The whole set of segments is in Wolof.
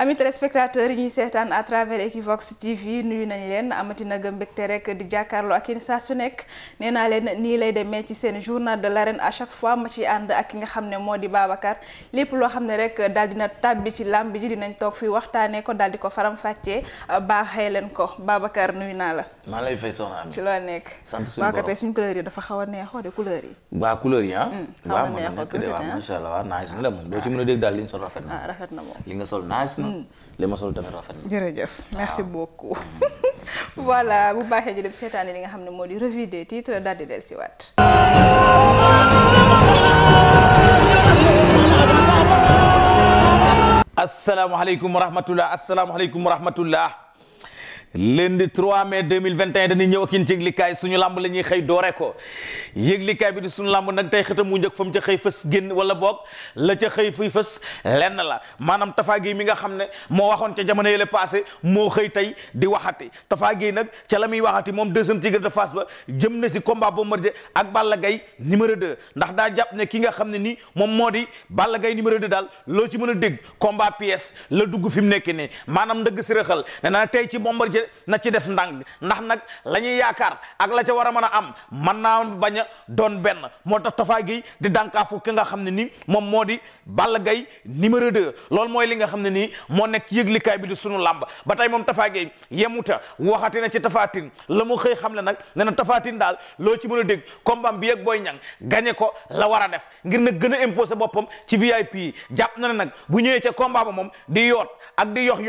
ami téléspectateurs yi ñuy seetaan à travers Equivox TV nuyu nañ leen amati na gëm rek di jàkkaarloo ak yéen saa su nekk nee naa leen nii lay demee ci seen journal de l'arène à chaque fois ma ci ànd ak ki nga xam ne moo di Babacar lépp loo xam ne rek daal dina tàbbi ci làmb ji dinañ toog fii waxtaanee ko daal di ko faram-fàccee baaxee leen ko Babacar nuyu naa la. maa lay fay soxna Ami. ci loo nekk. sant suñu borom Babacar suñu couleur yi dafa xaw a neexoo de couleur yi. waa couleur yi ah. Mm, xaw la moom ah. ah. doo ci rafet ah, rafet na moom li nga sol na li ma sol tamit rafet na. jërëjëf merci beaucoup. voilà bu baaxee ñu dem seetaani li nga xam ne moo di revue des titres daal di dellusiwaat. asalaamaaleykum wa rahmatulah asalaamaaleykum wa rahmatulah. lundi 3 mai 2021 dañuy ñëw ak yéen ci yëglikaay suñu lamb la xëy doore ko yëglikaay bi di suñu lamb nag tey xëtam mu njëkk fa mu ca xëy fës génn wala boog la ca xëy fuy fës lenn la maanaam Tafa Gueye mi nga xam ne moo waxoon ca jamono yële passé moo xëy tey di waxati Tafa Gueye nag ca la muy waxati moom deuxième tigre de face ba jëm na ci combat Bombardier ak Balla gay numéro 2 ndax daa jàpp ne ki nga xam ne nii moom moo di Balla gay numéro 2 daal loo ci mën a dégg combat pièce la dugg fi mu nekk nii maanaam ndëgg si rëxal nee naa tey ci ci na ci def ndànk ndax nag la ñuy yaakaar ak la ca war a mën a am man naa bañ a doon benn moo tax Tapha Guèye di dànkaafu ki nga xam ne nii moom moo di Balla gay numéro 2 loolu mooy li nga xam ne nii moo nekk yëglikaay bi di sunu làmb ba tey moom Tapha Guèye yemuta waxati na ci tafaatin la mu xëy xam ne nag ne na tafaatin daal loo ci mën a dégg combat bi ak booy Niang gañe ko la war a def ngir na gën a imposer boppam ci VIP yi jàpp na ne nag bu ñëwee ca combat ba moom di yoot ak di yox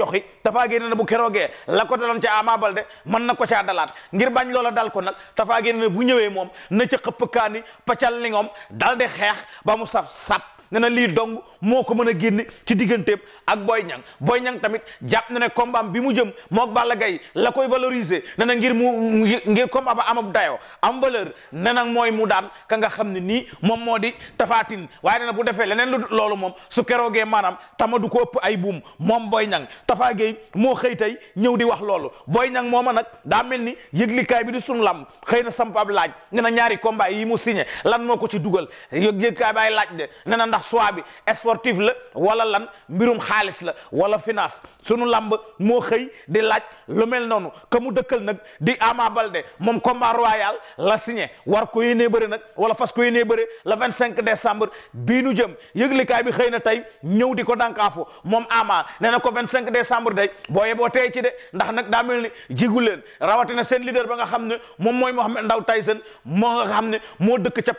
ca Ama Baldé mën na ko caa dalaat ngir bañ loola dal ko nag Tapha Gueye ne bu ñëwee moom na ca xëpp kaani paccal lingom dal di xeex ba mu saf sap ne na lii dong moo ko mën a génne ci digganteem ak Boy Niang Boy Niang tamit jàpp na ne combat bi mu jëm mook Balla Gaye la koy valoriser ne na ngir mu ngir combat ba amab dayoo am valeur ne na mooy mu daan ka nga xam ne nii moom moo di tafaatin waaye na bu defee leneen lu loolu moom su keroogee maanaam tama du ay buum moom Boy Niang Tafa Gueye moo xëy tey ñëw di wax loolu Boy Niang mooma nag daa mel ni yëglikaay bi di sunu lam xëy na sampab laaj ne na ñaari combat yi mu signé lan moo ko ci dugal yëglikaay bay laaj de ne na ndax bi sportif la wala lan mbirum xaalis la wala finance sunu làmb moo xëy di laaj lu mel noonu ka mu dëkkal nag di Ama Baldé moom combat royal la signé war ko yéenee bëri nag wala fas ko yéenee bëri le vingt cinq décembre bii nu jëm yëglikaay bi xëy na tey ñëw di ko dànkaafu moom Ama nee na ko vingt cinq décembre day boo yeboo tey ci de ndax nag daa mel ni jigu leen rawatina seen leader ba nga xam ne moom mooy Mohamed Ndao Tyson moo nga xam ne moo dëkk ca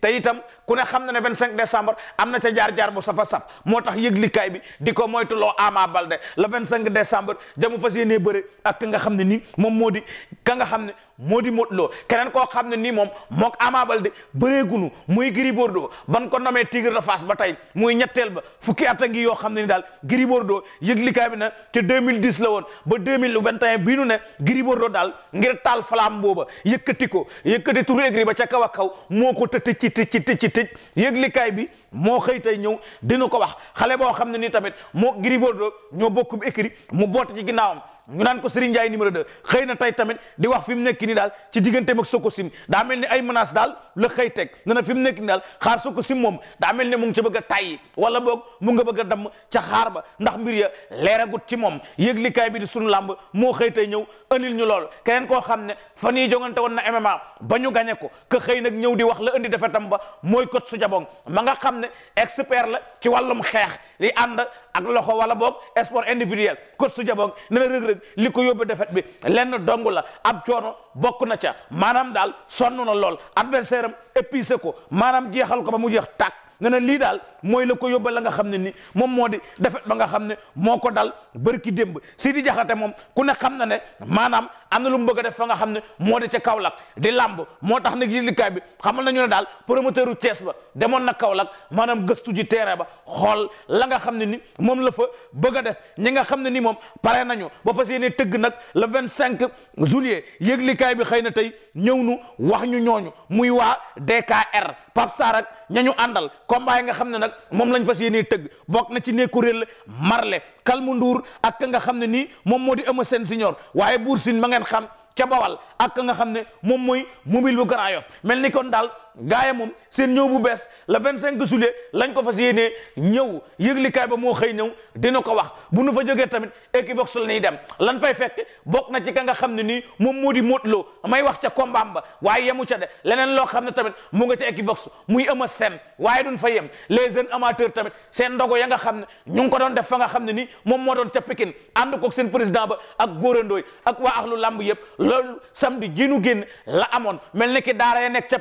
te itam ku ne xam na ne vingt cinq décembre am na ca jaar-jaar bu safa saf moo tax yëglikaay bi di ko moytuloo Ama Balde le vingt cinq décembre jamu fas yéenee bëre ak ka nga xam ne nii moom moo di ka nga xam ne moo di Modou Lo keneen koo xam ne nii moom mook Ama de bëreegunu muy Gris doo ban ko nomee Tigre de Fass ba tey muy ñetteel ba fukki at a ngi yoo xam ne ni daal Gris Bordeaux yëglikaay bi na te 2010 la woon ba 2021 bii nu ne Gris Bordeaux daal ngir taal flamme booba yëkkati ko yëkkati turu écrit ba ca kaw a kaw moo ko tëj ci tëj ci tëj ci tëj yëglikaay bi moo xëy tey ñëw dina ko wax xale boo xam ne nii tamit moo Gris Bordeaux ñoo bokk écrit mu boot ci ginnaawam ñu naan ko Serigne Ndiaye numéro 2 xëy na tey tamit di wax fi mu nekk nii daal ci digganteem ak Sococim daa mel ni ay menaces daal la xëy teg ne na fi mu nekk nii daal xaar Sococim moom daa mel ni mu ngi ci bëgg a tàyyi wala boog mu nga bëgg a damm ca xaar ba ndax mbir ya leeragut ci moom yëglikaay bi di sunu làmb moo xëy tey ñëw andil ñu lool keneen koo xam ne fan yii jongante woon na MMA ba ñu gañe ko que xëy nag ñëw di wax la andi defetam ba mooy kot su jabong ma nga xam ne expert la ci wàllum xeex di ak loxo wala boog sport individuel coach su jaboog ne na rëg li ko yóbbu defet bi lenn dong la ab coono bokk na ca maanaam daal sonnu na lool adversaire am épuisé ko maanaam jeexal ko ba mu jeex tàkk nga ne lii daal mooy la ko yóbba la nga xam ne ni moom moo di defet ba nga xam ne moo ko dal bërki démb Sidi Jaxate moom ku ne xam na ne maanaam am na lu mu bëgg def fa nga xam ne moo di ca Kaolack di làmb moo tax nag yëglikaay bi xamal nañu ne daal promoteur u Thiès ba demoon na Kaolack maanaam gëstu ji teere ba xool la nga xam ne ni moom la fa bëgg a def ñi nga xam ne ni moom pare nañu ba fas yéene tëgg nag la vingt cinq juillet yëglikaay bi xëy na tey ñëw nu wax ñu ñooñu muy waa DKR Pape Sarr ak ña ñu àndal combat yi nga xam ne nag moom lañ fas yéenee tëgg bokk na ci nekkuréel Marle Kalmu Ndour ak nga xam ne nii moom moo di Eumeu Sène Senior waaye buur si ma ngeen xam ca bawal ak nga xam ne moom mooy mobile bu Grand Yoff mel ni kon daal gaaya moom seen ñëw bu bees la vingt cinq juillet lañ ko fa yéenee ñëw yëglikaay ba moo xëy ñëw dina ko wax bu nu fa jógee tamit Equivox la ñuy dem lan fay fekk bokk na ci ka nga xam ne nii moom moo di Modou Lo may wax ca combat ba waaye yemu ca de leneen loo xam ne tamit mu nga ca Equivox muy Eumeu seen waaye duñ fa yem les jeunes amateurs tamit seen ndogo ya nga xam ne ñu ngi ko doon def fa nga xam ne nii moom moo doon ca ànd koog seen président ba ak góorandooy ak waa axlu lamb yëpp loolu samedi jiinu génn la amoon mel na ki daara ya nekk ca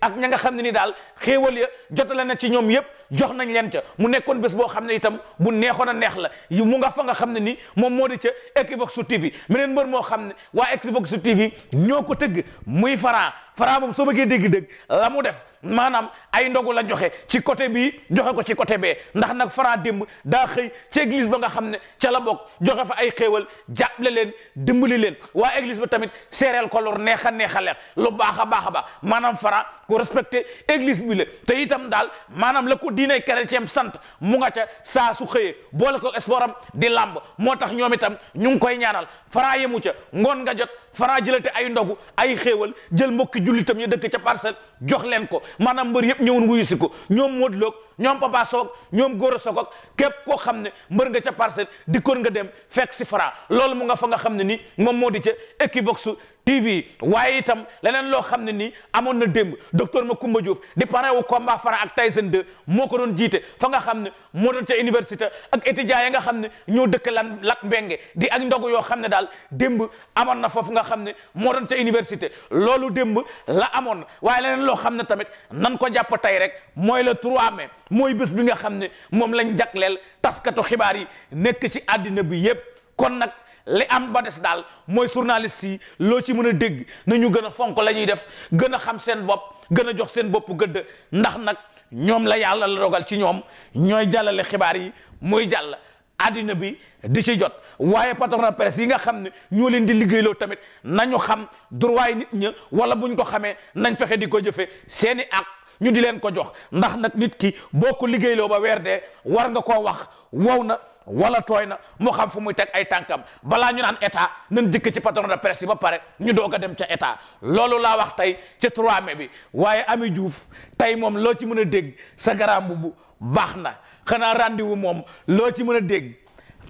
ak ña nga xam ne ni daal xéewal ya jotale na ci ñoom yëpp jox nañ leen ca mu nekkoon bés boo xam ne itam bu neexoon a neex la mu nga fa nga xam ne ni moom moo di ca Equivox TV meneen mbër moo xam ne waa Equivox TV ñoo ko tëgg muy faraa Fara moom soo bëggee dégg-dégg la mu def maanaam ay ndogu la joxe ci côté bii joxe ko ci côté bee ndax nag Franc dimb daa xëy ci église ba nga xam ne ca la bokk joxe fa ay xéewal jàppale leen dimbali leen waa église ba tamit seereel ko lor neex a neex a leex lu baax a baax maanaam Franc ku respecté église bi la te itam daal maanaam la ko diine chrétien sant mu nga ca saa su xëyee boole ko sport am di làmb moo tax ñoom itam ñu ngi koy ñaanal Franc yemu ca ngoon nga jot Franc jëlate ay ndogu ay xéewal jël mbokki jullitam ñu dëkk ca parcelle jox leen ko maanaam mbër yëpp ñëwoon wuyu si ko ñoom Modou Lo ñoom Papa Sow ñoom Gora Sock ak képp koo xam ne mbër nga ca parcelle dikkoon nga dem fekk si Franc loolu mu nga fa nga xam ne ni moom moo di ca Equivox TV waaye itam leneen loo xam ne nii amoon na démb docteur Macoumba Diouf di parrain wu combat Franc ak seen 2 moo ko doon jiite fa nga xam ne moo doon ca université ak étudiants ya nga xam ne ñoo dëkk lan lat mbenge di ak yoo xam ne daal démb amoon na foofu nga xam ne moo doon ca université loolu démb la amoon waaye leneen loo xam ne tamit nan ko jàpp tey rek mooy le 3 mai mooy bés bi nga xam ne moom la lañ jagleel taskatu xibaar yi nekk ci àddina bi yépp kon nag li am ba des daal mooy journaliste yi loo ci mën a dégg na ñu gën a fonk la ñuy def gën a xam seen bopp gën a jox seen bopp gëdd ndax nag ñoom la yàlla la dogal ci ñoom ñooy jàllale xibaar yi muy jàll addina bi di ci jot waaye patron de presse yi nga xam ne ñoo leen di liggéeyloo tamit nañu xam droit yi nit ña wala buñ ko xamee nañ fexe di ko jëfe seeni ak ñu di leen ko jox ndax nag nit ki boo ko liggéeyloo ba weer dee war nga koo wax wow na wala tooy na mu xam fu muy teg ay tànkam balaa ñu naan état nañ dikk ci patron de presse yi ba pare ñu doog a dem ca état loolu laa wax tey ci 3 mai bi waaye Ami Diouf tey moom loo ci mën a dégg sa garaam bu baax na xanaa rendez-vous moom loo ci mën a dégg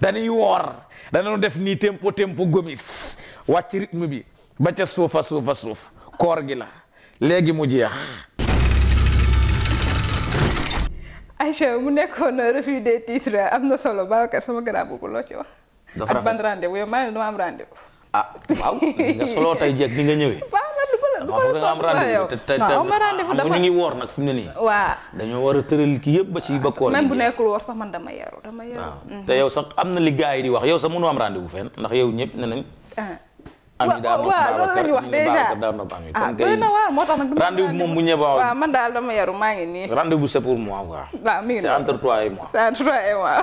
dañuy woor danañu def nii tempo tempo gomis wàcc rythme bi ba ca suufa suufa suuf koor gi la léegi mu jeex Aïcha mu nekkoon revue des titres am na solo Babacar sama grand boobu loo ci wax. dafa rafet ak ban rendez-vous yow maa ngi dama am rendez ah, nga solo tey jeeg ni nga ñëwee. waaw foog nga am rendez-vous te te te ñu ngi woor nag fi ne nii. waaw dañoo war a tëral ki yëpp ba ci ah, ba koor même bu nekkul woor sax man dama yaru dama yaru. Mhm. te yow sax am na li gars yi di wax yaw sax mënoo am rendez-vous ndax yow ñëpp ne amida moom waaw ah, loolu la wax déjà ah doy na waar moo tax nag. rendez-vous moom bu ñëwee waaw man daal dama yaru maa ngi nii. rendez bu c'est pour moi quoi. waaw mi ngi c'est entre toi et moi. c'est entre toi et moi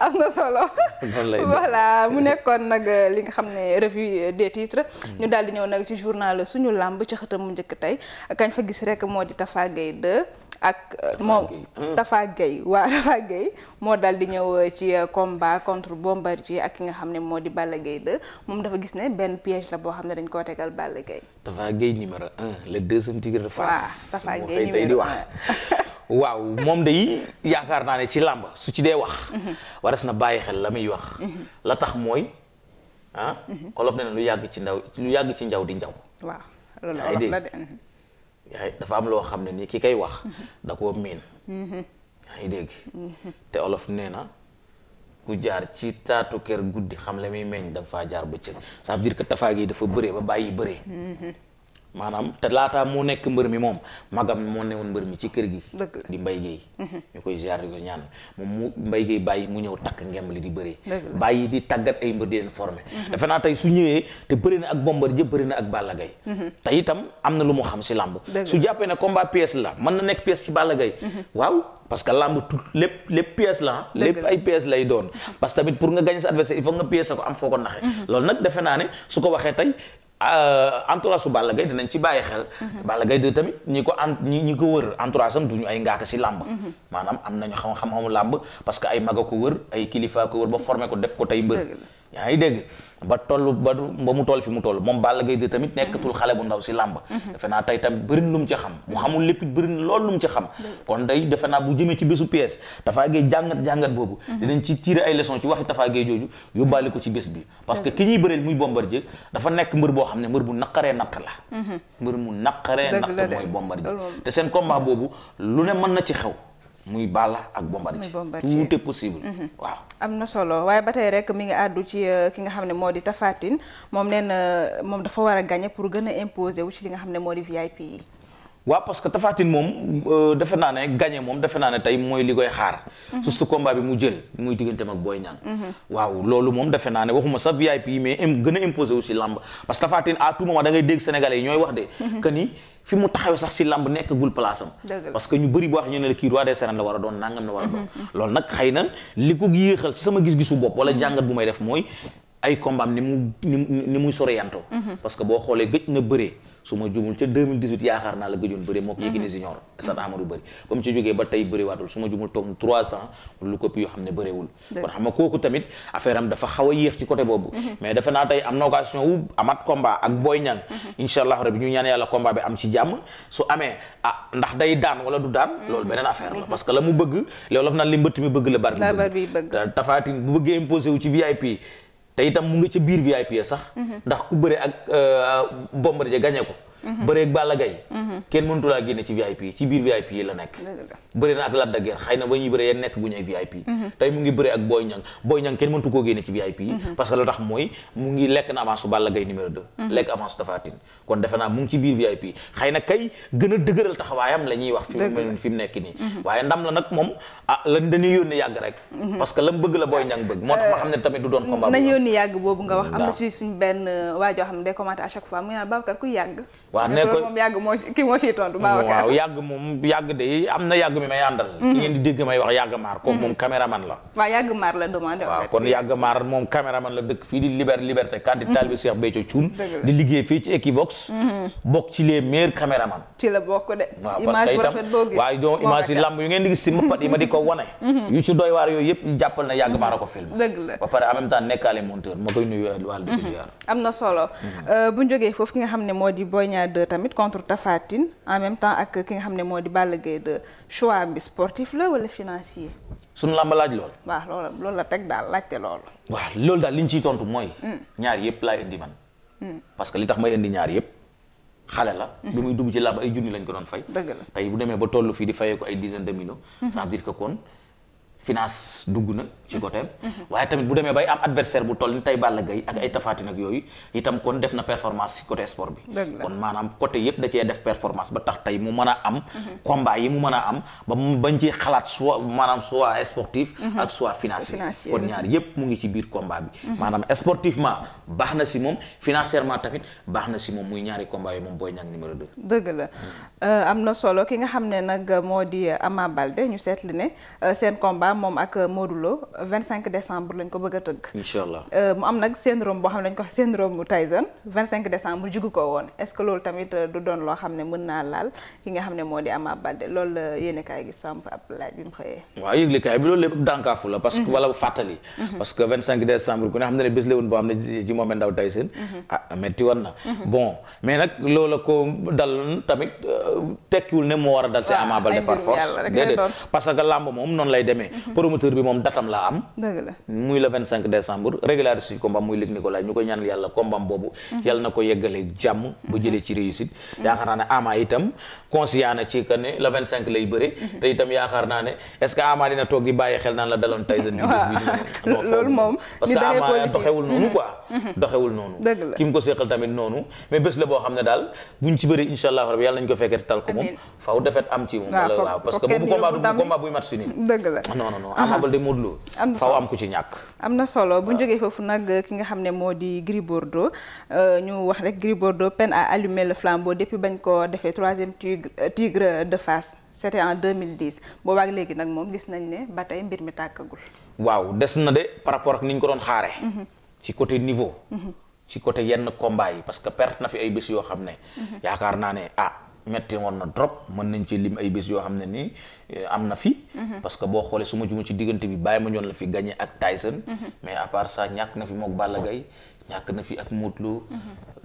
am na solo. voilà mu nekkoon nag euh, li nga xam ne revue euh, des titres. Mm. ñu daal di ñëw nag ci journal suñu làmb ci xëtam mu njëkk tey kañ fa gis rek moo di Tafa Gueye 2. ak moom Tafa Gueye waa Tafa Gueye moo dal di ñëw euh, ci euh, combat contre Bombardier ak ki nga xam ne moo di Balla gay 2 moom dafa gis ne benn piège la boo xam ne dañ koo tegal Balla Gaye Tafa Gueye numéro un le deuxième tigre de Fass Tafa Gueye numéro di wax moom day yaakaar naa ne ci làmb su ci dee wax mhm. waras na bàyyi xel la muy wax mhm. la tax mooy ah mhm. olof ne na lu yàgg ci ndaw lu yàgg ci njaw di njaw waaw olof la de dafa am loo xam ne ni ki kay wax mm-hmm. da koo miin mm-hmm. yaa ngi dégg mm-hmm. te olof nee na ku jaar ci taatu kër guddi xam la muy meññ da faa jaar ba ça veut dire que tafaa gi dafa bëree ba bàyyi bëree maanaam te laataa moo nekk mbër mi moom magam moo newoon mbër mi ci kër gi di mbay Gueye mhm. ñu koy ziar di ñaan moom mu Mbaye Gueye bàyyi mu ñëw takk ngemb li di bëree bàyyi di tàggat ay mbër di leen formé mhm. defe naa tey su ñëwee te bëri na ak Bombardier bëri na ak Balla Gaye mhm. te itam am na lu mu xam si làmb su jàppee ne combat pièce la mën na nekk pièce si Balla Gaye waaw parce que làmb tout lépp lépp pièce la lépp ay pièce lay doon parce que tamit pour nga gagner sa adversaire il faut nga pièce ko am loolu nag defe naa ne su ko waxee tey Euh, entourage su Balla Gaye dinañ ci bàyyi xel. Mhm. Balla gay de tamit ñi ko ent ñi ñi ko wër entourage du ñu ay ngaaka si làmb. Mhm. maanaam am nañu xam-xamu làmb parce que ay a ko wër ay kilifa ko wër ba formé ko def ko tey mbër. yaa ngi dégg ba toll ba ba mu toll fi mu toll moom Balla Gaye de tamit nekkatul xale bu ndaw si làmb mhm. defe naa tey tam bëri na lu mu ci xam mu xamul lépp it bëri na lool lu mu ci xam kon day defe naa bu jëmee ci bésu pièce Tapha Gueye jàngat jàngat boobu mhm. dinañ ci tirer ay leçons ci waxi Tapha Gueye jooju yóbbaale ko ci bés bi parce que ki ñuy bëreel muy Bombardier dafa nekk mbër boo xam ne mbër bu naqaree natt la mhm. mbër mu naqaree natt mooy Bombardier te seen combat boobu lu ne mën na ci xew muy Balla ak Bombardier. muy Bombardier tout est possible. Mhm. waaw am na solo waaye ba tey rek mi ngi àddu ci euh, ki nga xam ne moo di Tapha Tine moom nee na moom dafa war a a imposer wu ci euh, defe naa ne tey mooy li koy xaar. Mhm. surtout combat bi mu jël muy digganteem ak Boy Niang. Mhm. waaw loolu moom defe naa ne waxuma sax VIP mais gën a imposer si làmb parce que Tapha tout moment da ngay dégg Sénégalais yi ñooy wax de. que fi mu taxaw sax si làmb nekkagul place am parce que ñu bëri boo wax ñu ne la kii roi des arènes la war a doon nangam la war a doon mm-hmm, mm-hmm. loolu nag xëy na li ko yéexal si sama gis-gisu bopp wala mm-hmm. jàngat bu may def mooy ay combat am ni mu ni muy soreyantoo parce que boo xoolee gëj na bëree su ma jumul ca 2018 yaakaar naa la gëjoon bëri moo ko Yékini mhm. Junior stade Amadou Barry ba mu ci jógee ba tey bëriwaatul su ma jumul toog trois ans lu koppi yoo xam ne bëriwul kon xam nga kooku tamit affaire am dafa xaw a yéex ci côté boobu mhm. mais dafa naa tey am na occasion wu amat combat ak Boy Niang mhm. insha allah rabbi ñu ñaan yàlla combat bi am ci jàmm su amee ah ndax day daan wala du daan loolu beneen affaire la parce que la mu bëgg loolu daf naan mi bëgg la bar bi bëgg te itam mu ngi ci biir VIP sax. Mm-hmm. ndax ku bëre ak euh, Bombardier gagné ko. Mhm. bëreeg Balla Gaye mhm. kenn mënutu laa génne ci VIP ci biir VIP yi la nekk bëri na ak Lac de ba ñuy bëree yeen nekk gu ñuy VIP mhm. tey mu ngi bëree ak Boy Niang a ah, bëgg moo tax ma xam ne tamit du doon combat nañ yónni yàgg boobu nga wax am na suñ benn euh, waajoo xam ne day commenter à chaque fois mu ngi naan Babacar kuy yàgg waaw yàgg moom yàgg de am na yàgg mi may àndal mm-hmm. ki ngeen di dégg may wax yàgg maar kooku mm-hmm. moom caméraman la waaw yàgg maar la demandé waaw kon yàgg maar dëkk fii di liberté kat di mm-hmm. taalibe Cheikh Béthio di liggéey fii ci Equivox bokk ci les meilleurs caméraman ci la bokk de waaw yi lamb yu ngeen di gis si mbapat yi ma di ko wane yu ci doy waar yooyu yëpp jàppal na yàgg maar a film dëgg la am na solo euh, bu ñu foofu ki nga xam ne moo di Boy Niang 2 tamit contre Tapha en même temps ak ki nga xam ne moo di Balla Gaye 2 choix bi sportif la wala financier. suñu làmb laaj lool. waaw loolu loolu la teg daal laajte loolu. waaw loolu daal li ci ciy tontu mooy. Hmm. ñaar yëpp laay indi man. Hmm. parce li tax may indi ñaar yëpp. xale la hmm. bi muy dugg ci làmb ay junni lañ ko doon fay. dëgg la tey bu demee ba tollu fii di fayee ko ay dizaine de millions. ça dire que kon. finance dugg na ci mm-hmm. côté mm-hmm. waaye tamit bu demee bay am adversaire bu toll ni tey Balla Gaye ak ay tafaatin ak yooyu itam kon def na performance ci sport bi kon maanaam côté yépp da cee def performance ba tax tey mu mën a am mm-hmm. combat yi mu mën a am ba bañ ci mu ngi ci biir combat bi maanaam sportivement baax na si moom financièrement tamit baax na si moom muy ñaari combat yi moom Boy Niang numéro 2 dëgg la mm. euh, am na solo ki nga xam ne nag moo di Ama Baldé ñu seetli ne euh, seen combat combat moom ak euh, Modou Lo 25 décembre lañ ko bëgg a tëgg. incha allah euh, mu am nag syndrome boo xam ne dañ ko wax syndrome mu Tyson 25 décembre jugu ko woon est ce loolu tamit euh, du doon loo xam ne mën naa laal ki nga xam ne moo di Ama Baldé loolu la yéen kaay gi samp ab laaj bi mu xëyee. waaw yëgle kaay bi loolu lépp dànkaafu la. parce que mhm. wala fàttali. Mhm. parce que 25 décembre ku ne xam ne bés la woon boo xam ne ci moom ndaw Tyson. Mhm. ah metti woon na. a promoteur bi moom datam la am muy la vingt cinq décembre régulariser ci combat muy Luc Nicolaï ñu ko ñaanal yàlla combat boobu mhm. yàlla na ko yeggale jàmm bu jëlee ci réussite mhm. yaakaar naa ne ama itam conscient na ci que ne le 25 lay bëri. Mhm. te itam yaakaar naa ne est-ce que Ama dina toog di bàyyi xel naan la daloon Tyson. waaw loolu moom parce que Ama doxewul doxewul noonu. Mhm. Mhm. ko seqal tamit noonu mais boo xam ne daal buñ ci bëri incha allah rabi yàlla nañu ko fekkee tal ko moom. faaw defet am dëgg la non am na solo faaw am ku am na solo bu ñu foofu nag ki nga xam ne moo di Gris Bordeaux euh, ñu wax rek Gris Bordeaux peine à allumer le flambeau depuis bañ ko defee troisième tigre euh, tigre de Fass c'était en 2010 boobaak léegi nag moom gis nañ ne ba tey mbir mi tàkkagul. waaw des na de par rapport ak ni ñu ko doon xaare mhm. ci côté niveau. Mhm. ci côté yenn combat yi parce que perte na fi ay bés yoo xam ne. Mhm. yaakaar naa ne ah metti woon na mën nañ ci lim ay bés yoo xam ne nii euh, am na fi. parce que boo xoolee su ma jumu ci diggante bi bàyyi ma ñoon la fi gagné ak Tyson. mais à part ñàkk na fi mook Balla Gaye ñàkk na fi ak Modou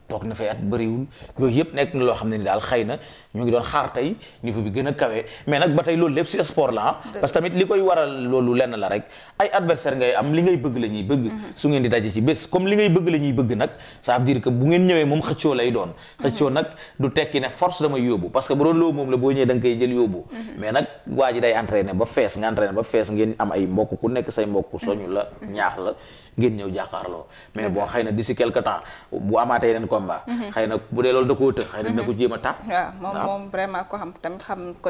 toog na fay at bëriwul yooyu yëpp nekk na loo xam ne ni daal xëy na ñu ngi doon xaar tey niveau bi gën a kawe mais nag ba tey loolu lépp si sport la ah. parce que tamit li koy waral loolu lenn la rek ay adversaire ngay am li ngay bëgg la ñuy bëgg mhm. su ngeen di daje ci bés comme li ngay bëgg la ñuy bëgg nag ça veut dire que bu ngeen ñëwee moom xëccoo lay doon mhm. xëccoo nag du tekki ne force damay yóbbu parce que bu doon loo moom la boo ñëwee da koy jël yóbbu mhm. mais nag waa ji day entraîné ba fees nga entraîné ba fees ngeen am ay mbokk ku nekk say mbokk soñu la ñaax la ngeen ñëw jàkkaarloo mais boo xay na d'ici quelque temps bu amaatee yeneen combat mhm. xëy na bu dee loolu da koo të xëy na dina mhm. ko jéem a tàpp waaw moom moom vraiment ko xam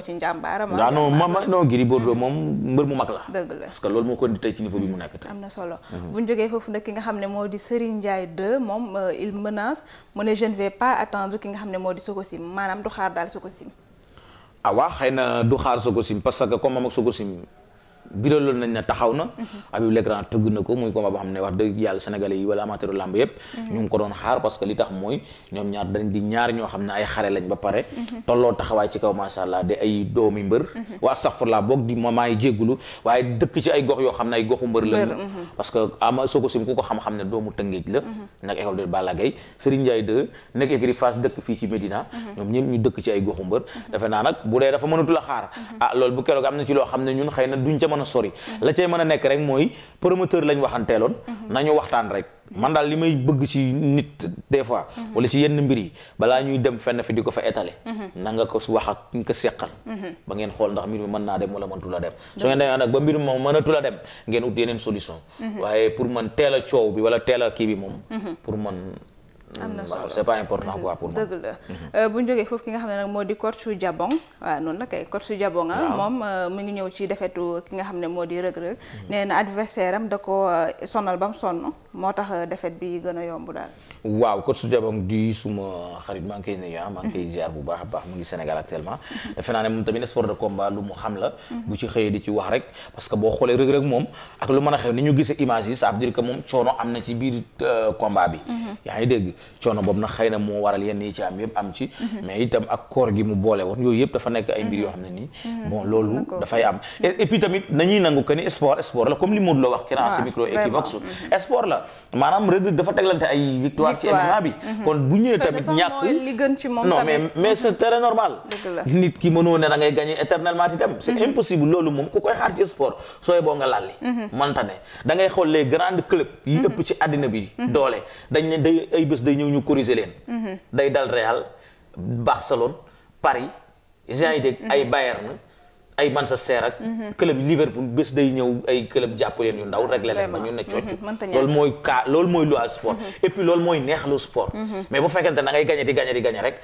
ci njàmbaaram waaw non mama non Gris Bordeaux mhm. moom mbër mu mag la dëgg loolu moo ko indi am na solo bu ñu jógee foofu nag ki nga xam ne moo di Serigne Ndiaye 2 moom euh, il menace mu ne je ne vais pas attendre ki nga xam ne moo di Sokosim maanaam du xaar daal Sokosim ah waaw xëy na du xaar Sokosim parce que comme moom ak Sokosim biraloon nañ ne taxaw na Habib Legrand tëgg na ko muy combat boo xam ne wax dëgg yàlla sénégalais yi wala amateur lamb yépp ñu ngi ko doon xaar parce que li tax mooy ñoom ba pare tolloo taxawaay ci kaw masha Allah di ay doomi mbër waa safurla boog di mamaa yi jéggulu waaye dëkk ci ay mhm. mhm. mhm. ñu dëkk ci ay goxu mbër defe naa nag bu dee dafa mënatul a xaar ah loolu bu keroog am na ci loo xam ne ñun xëy na duñ ca mën a sori la cay mën a nekk rek mooy promoteur lañ waxanteeloon nañu waxtaan rek man daal li may bëgg ci nit des fois wala ci yenn mbir yi balaa ñuy dem fenn fi di ko fa étaler na nga ko wax ak ñu ko seqal ba ngeen xool ndax mbir mi mën naa dem wala mëntu a dem su ngeen demee nag ba mbir moom mënatu la dem ngeen ut yeneen solution mhm. waaye pour man teel a coow bi wala teel a kii bi moom mhm. pour man am na solo c'est pas important quoi pour moi. dëgg la mhm. euh, bu ñu foofu ki nga xam ne nag moo di Kotsu Jabong waaw noonu la kay Kotsu Jabong ah moom euh, mu ngi ñëw ci defetu ki nga xam ne moo di rëg-rëg mhm. nee na adversaire am da ko euh, sonal ba mu sonn moo tax defet bi gën a yomb daal waaw Kotsu Jabong di suma xarit maa ngi koy nuyu ah. maa ngi koy jaar bu baax a baax mu ngi Sénégal actuellement mhm. defe naa ne moom tamit sport de combat lu mu xam la bu ci xëyee di ci wax rek parce que boo xoolee rëg-rëg moom ak lu mën a xew ni ñu gisee image yi ça veut dire que moom coono am na ci biir combat bi coono boobu nag xëy na moo waral yenn yi ci am yëpp am ci mais itam ak koor gi mu boole woon yooyu yëpp dafa nekk ay mbir yoo xam ne nit ki mënoo ne da ngay gagner éternellement itam c'est mhm. impossible loolu moom ku koy xaar ci sport sooy boo nga lalli manta mhm. ne da ngay xool yi mhm. ëpp ci àddina bi doole dañ ne ay bés day ñëw ñu corriger leen. Mhm. day dal Real Barcelone Paris. gens yi dégg ay Bayern ay Manchester ak. Mhm. club Liverpool bés day ñëw ay club jàpp leen yu ndaw régler leen ba ñu ne cocc. Mhm. loolu mooy cas loolu mooy lu sport. et puis loolu mooy neex lu sport. mais bu fekkente ne da ngay gagné di gagné di gagné rek.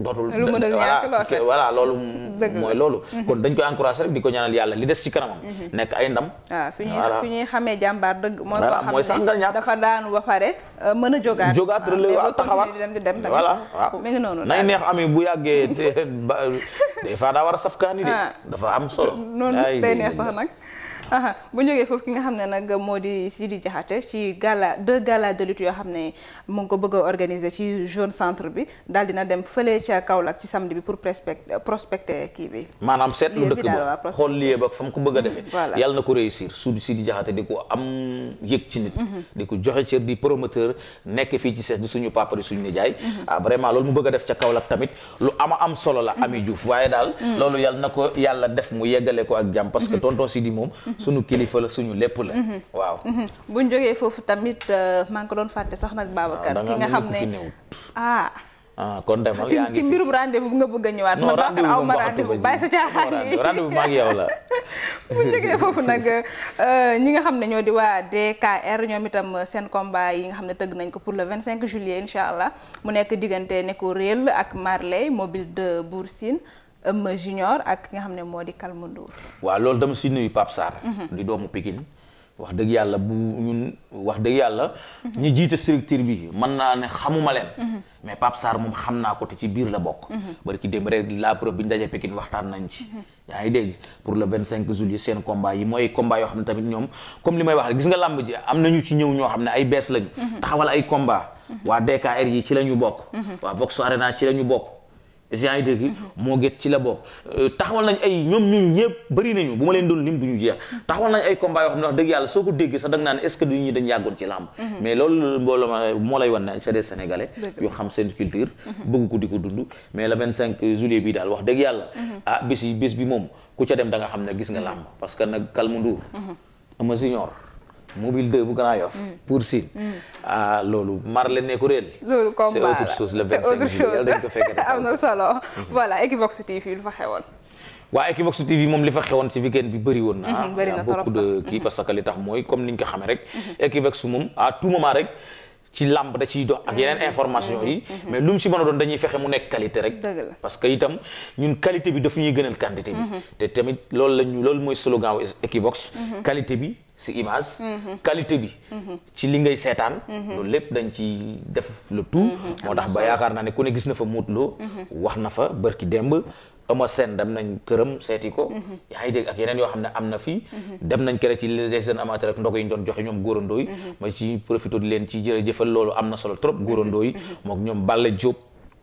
dootul lu mën a ñàkk loo xam voilà loolu mooy loolu mm-hmm. kon dañ koy encouragé rek di ko ñaanal yàlla li des ci kanamam mm-hmm. nekk ay ndam waaw ah, fi ñuy fi ñuy xamee jàmbaar dëgg mooy koo xam ne dafa daanu ba pare euh, mën a jógaat jógaat ah, relevé waaw taxawaat dem di dem voilà waaw mi ngi noonu nay neex amee bu yàggee des fois daa war a safkaani de ah. dafa am solo noonu day neex sax nag bu ñu jógee foofu ki nga xam ne nag moo di Sidi Diakhaté ci gala deux gala de yoo xam ne mu ngi ko bëgg a ci zone centre bi daal dina dem fële ca Kaolack ci samedi bi pour prospecter kii bi. maanaam seetlu dëkk ba xool lieu ba fa mu ko bëgg a defee. yàlla na ko réussir su Sidi Diakhaté di ko am yëg ci nit. Mhm. di ko joxe cër di promoteur nekk fii ci sees di suñu papa di suñu nijaay. Mhm. ah vraiment loolu mu bëgg def ca Kaolack tamit lu am solo la Ami mhm. waaye daal. loolu yàlla na ko yàlla def mu yeggale ko ak jàmm parce que tonton moom. suñu kilifa la suñu lépp la. Mhm. waaw. Mhm. bu ñu jógee foofu tamit euh, maa ngi ko doon fàtte sax nag ah, Babacar. ki nga xam ne ah. ah. kon demal ci mbirum rendez-vous nga bëgg a ñëwaat. non rendez-vous moom waxatu bàyyi sa caaxaan yi rendez la. foofu nag euh, ñi nga xam ne ñoo di waa DKR ñoom itam seen combat yi nga xam ne tëgg nañ ko pour le 25 juillet incha allah mu nekk diggante Neko Réel ak Marley mobile de Bour Eumeu Junior ak nga xam ne moo di Kalmu Ndour. loolu dama si nuyu Pape Sarr. di doomu Pikine wax dëgg yàlla bu ñun wax dëgg yàlla. ñu jiite structure bi man naa ne xamuma leen. mais Pape Sarr moom xam naa ko te ci biir la bokk. bari ki démb rek la preuve bi ñu dajee Pikine waxtaan nañ ci. yaa ngi dégg pour cinq 25 juillet seen combat yi mooy combat yoo xam ne tamit ñoom comme li may wax rek gis nga làmb ji am na ñu ci ñëw ñoo xam ne ay bees lañu. taxawal ay combat waa DKR yi ci la ñu bokk. ci la ñu bokk. est-ce yaa ngi dégg moo get ci la bokk euh, taxawal nañ ay ñoom ñu ñëpp bëri nañu bu ma leen doon lim du ñu jeex taxawal nañ ay combat yoo xam ne wax dëgg yàlla soo ko déggee sax da nga naan est-ce que du ñu dañ yàggoon ci làmb mhm. mais loolu mbooloo ma moo lay mhm. daal wax dëgg yàlla mhm. ah bis yi bis bi moom ku ca dem da nga xam ne gis nga làmb parce que nag Kalmu Ndour ama mobile 2 bu Grand Yoff. Mm. pour Sine. Mm. ah loolu Marley nekk réel. loolu comme c'est autre chose le 25 juillet dañ ko fekk am na solo mm-hmm. voilà Equivox TV lu fa xewoon. waa Equivox TV moom li fa xewoon ci weekend bi bëri woon na. Mm-hmm, bëri na trop sax beaucoup kii parce que li tax mooy comme niñ ko xamee rek. Mm-hmm. Equivox moom à moment rek. ci làmb da ciy dox ak yeneen information yi mais lu mu si mën a doon dañuy fexe mu nekk qualité rek parce que itam ñun qualité bi dafa ñuy gënal quantité bi te tamit loolu la ñu loolu mooy slogan wu Equivox qualité bi si image. Mhm. qualité bi. Mhm. ci li ngay seetaan. Mhm. loolu lépp dañ ci def le tout. moo tax ba yaakaar naa ne ku ne gis na fa Modou Lo wax na fa bërki demb Eumeu Sène dem nañ këram seeti ko. yaa ngi dégg ak yeneen yoo xam ne am na fi. dem nañ kere ci les jeunes amateurs ak ndog yi ñu doon joxe ñoom góorandoo yi. ma ci profité di leen ci jërëjëfal loolu am na solo trop góorandoo yi mook ñoom Balla Diop.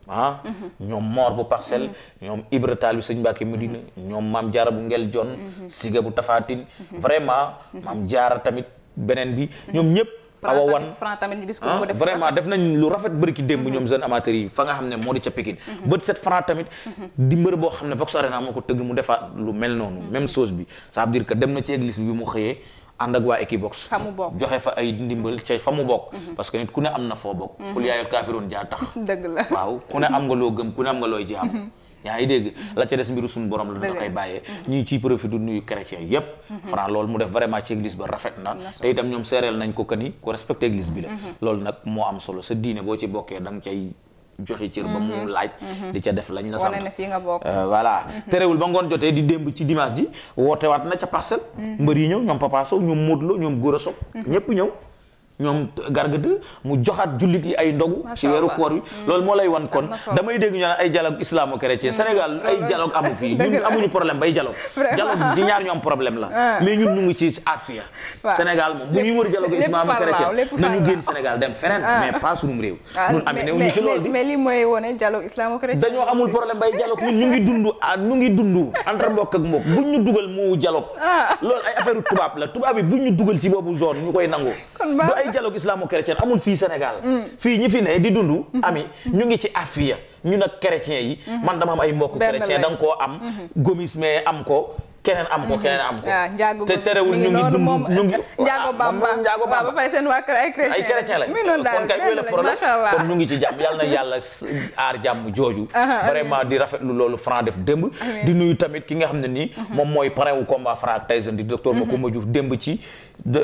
ah ñoom moor bu parcelle ñoom Ibra Taal bi sëñ Mbàkke Medina ñoom maam Jaara bu Ngel Jon Siga bu Tafatin vraiment maam Jaara tamit beneen bi ñoom ñëpp awa wan Franc tamit ñu gis ko ah, def vraiment def nañ lu rafet bëri ki démb mhm. ñoom jeune amateur yi fa nga xam ne moo di ca Pikine mhm. bët set Franc tamit mhm. di boo xam ne Vox Arena moo ko tëgg mu defaat lu mel noonu même chose bi ça veut dire que dem na ci église bi mu xëyee ànd ak waa Equivox joxe fa ay ndimbal ca fa mu bokk mhm. parce que nit ku ne am na foo bokk xul mhm. yaayal kaafiroon jaa tax dëgg la waaw ku ne am nga loo gëm ku ne am nga looy jaam mhm. yaa ngi dégg la ca des mbiru suñu borom la dana koy bàyyee ñu ngi ciy profité du nuyu chrétien yépp franc loolu mu def vraiment ci église ba rafet na te itam ñoom seereel nañ ko que ni ku respecté église bi la loolu nag moo am solo sa diine boo ci bokkee da cay joxe cër ba mu mhm. laaj mhm. di ca def lañ la sant euh, voilà mhm. terewul ba ngoon jotee di démb ci dimanche ji woote waat na ca parcelle mbër yi ñëw ñoom Papa ñoom Modou Lo ñoom Gora Sow ñëpp ñëw ñoom garga de mu joxaat jullit yi ay ndogu ci weeru koor yi mm. loolu moo lay wan kon damay dégg ñu naan ay dialogue islamo-chrétien mm. Sénégal ay dialogue amu fii ñun amuñu problème bay dialogue dialogue ji ñaar ñu am problème la ah. mais ñun ñu ngi ci Asia Sénégal moom bu ñuy wër dialogue islamo-chrétien nañu génn Sénégal dem feneen ah. mais pas suñu réew ah, ñun am newuñu ci loolu mais li mooy wone dialogue islamo-chrétien dañoo amul problème bay dialogue ñun ñu ngi dund ñu ngi dund entre mbokk ak mbokk buñ ñu dugal moo dialogue loolu ay affaire tubaab la tubaab yi bu ñu dugal ci boobu zone ñu koy nangoo ay dialogue islamo-chrétien amul fii Sénégal fii ñi fi ne di dundu ami ñu ngi ci afiya ñu nag chrétien yi man dama am ay mbokk chrétien da nga koo am mhm. gomisme am ko keneen am ko mhm. keneen am ko. Ah, eh, waaw njaago te terewul ñu ngi ngi. njaago bamba njaago bamba ba pare seen waa ay chrétien. ay kon kay wéle problème kon ñu ngi ci jàmm yal na yàlla aar jàmm jooju. vraiment di rafetlu loolu Franc def démb. di nuyu tamit ki nga xam ne nii. Mhm. moom mooy parrain wu combat Franc Tyson di docteur mhm. Macoumba Diouf démb ci.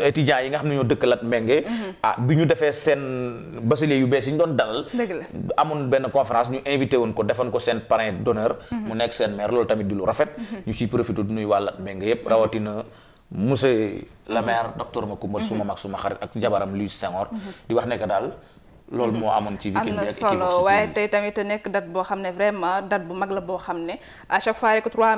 étudiants yi nga xam ne ñoo dëkk lat ménge ah bi ñu defee seen bachelier yu bees yi ñu doon dalal amoon benn conférence ñu invité woon ko defoon ko seen parrain d'honneur mu nekk seen maire loolu lu rafet waa Latmingué yëpp mm-hmm. rawatina monsieur le maire docteur Macoumba mm-hmm. suma mag suma xarit ak jabaram Louis Senghor mm-hmm. di wax ne daal loolu moo amoon ci weekend bi ak solo waaye tey tamit nekk date boo xam ne vraiment date bu mag la boo xam ne à chaque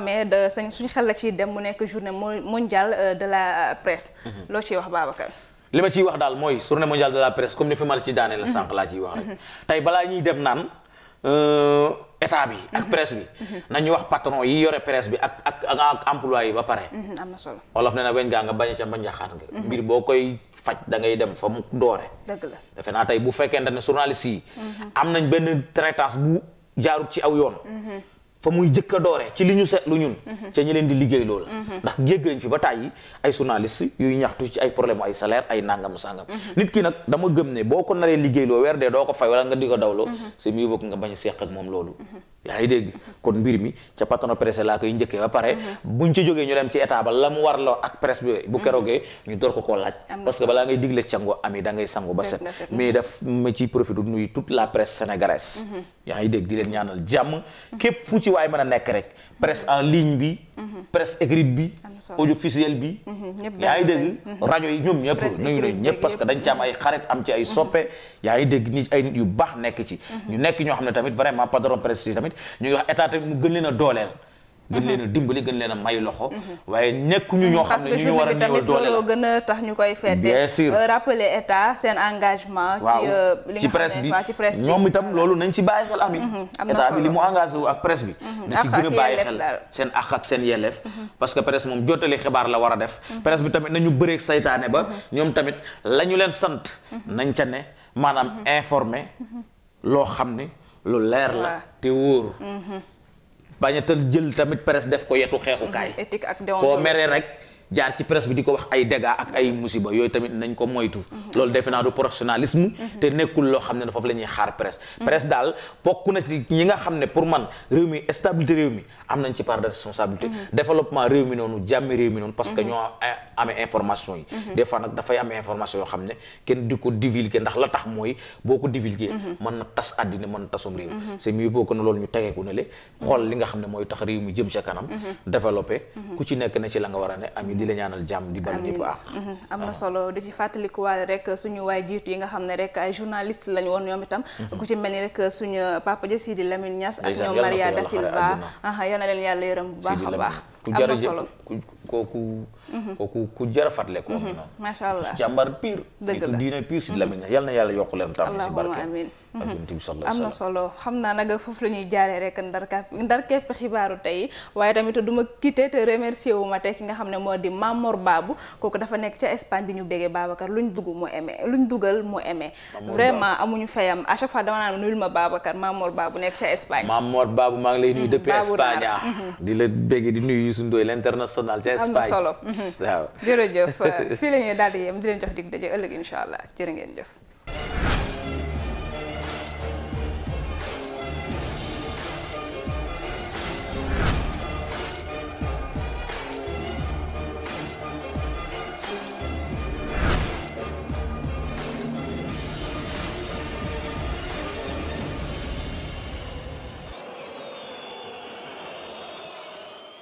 mai de sañ suñu xel la ciy dem mu nekk journée mondiale euh, de la presse. loo ciy wax Babacar. li ma ciy wax daal mooy journée mondiale de la presse comme ni fi ma la ci daanee la laa ciy wax rek tey balaa ñuy dem naan. Euh, état bi ak mhm. presse bi mhm. nañu wax patron yi yore presse bi ak ak ak emploi yi ba pare mhm, am na solo wolof ne na weñ gaa nga bañ ca ba njaxaat nga mbir boo koy faj da ngay dem fa mu doore dëgg defe naa tey bu fekkente ne journaliste yi am nañ benn traitance bu jaarut ci aw yoon fa muy jëkk a dooree ci li ñu seetlu ñun ca ñi leen di liggéey loola mhm. ndax jégg nañ fi ba tàyyi ay journaliste yuy ñaxtu ci ay problème ay salaire ay nangam sangam mhm. nit ki nag dama gëm ne boo ko naree liggéey loo weer dee doo ko fay wala nga di ko dawloo mhm. c'est mieux vaut nga bañ a mi ca patron presse laa koy njëkkee ba pare buñ ca jógee ñu dem ci état ba la mu war la ak presse bi bu keroogee ñu door ko koo laaj parce que balaa ngay digle cango ami da ngay sango ba set mais daf ma yaa ngi dégg di leen ñaanal jàmm. képp fu ci waay mën a nekk rek. presse en ligne bi. presse écrite bi. audiovisuel bi. Mhm, yaa ngi dégg mhm. rajo ñoom ñëpp. nuyu dañ ci am ay xarit am ci ay mhm. ci. ñu nekk ñoo xam ne tamit vraiment patron presse yi tamit ñu ngi mu gën leen a dooleel. gën leen a dimbali gën leen a may loxo mhm. waaye ñu ñoo xam ne ñu war a néew doole gën a tax ñu koy feete bien sûr euh, rappeler état seen engagement waaw euh, ci presse bi ci presse ñoom itam loolu nañ ci bàyyi xel ami mhm. état bi li mu engagé wu ak presse bi mhm. na ci gën a bàyyi xel seen àq ak seen yelleef parce que presse moom jottali xibaar la war a def presse bi tamit nañu bëreeg seytaane ba ñoom tamit lañu leen sant nañ ca ne maanaam informé loo xam ne lu leer la te wóor bañ a tël jël tamit presse def ko yetu xeexukaay. éthique ak déontologie mere rek jaar ci presse bi di ko wax ay dégâts ak ay musiba yooyu tamit nañ ko moytu loolu defe naa du professionnalisme te nekkul loo xam ne nañ ci part de responsabilité développement réew mi noonu jàmmi réew mi noonu parce que ñoo amee information yi des nag dafay am information yoo xam ne kenn di ko divulguer ndax la tax mooy boo ko divulguer mën na tas àddina mën na tasum réew c'est mieux vaut que na loolu ñu tegeeku ne le xool li nga xam ne mooy tax réew a di la ñaanal jàmm di balu ñëpp ak am na solo di ci fàttalikuwaale rek suñu waay jiitu yi nga xam ne rek ay journaliste lañu woon ñoom itam mhm. ku ci mel ni rek suñu papa ja Sidi Lamine Niass ak ñoom Maria da Silva yal na leen yàlla yërëm bu baax a baax ku jar a ku kooku. kooku ku mhm. jar a fàttali ko. Mhm. macha allah jàmbaar pire. dëgg la diine pire si mhm. Lamine Niass yal na yàlla am na solo xam naa nag foofu la ñuy jaaree rek ndarka ndarkepp xibaaru tey waaye tamit du ma quitté te remercier wu ma ki nga xam ne moo di Mamor Babu kooku dafa nekk ca Espagne di ñu béggee Babacar luñ dugg mu aimé luñ dugal mu aimé. vraiment amuñu fayam à chaque fois dama naan nuyul ma Babacar Mamor Babu nekk ca Espagne. Mamor Babu maa ngi lay nuyu depuis Espagne ah. di la bégg di nuyu Youssou Ndoye l'international ca Espagne am na solo waaw jërëjëf fii la ñuy daal di yem di leen jox dig daje ëllëg incha allah jërë ngeen jëf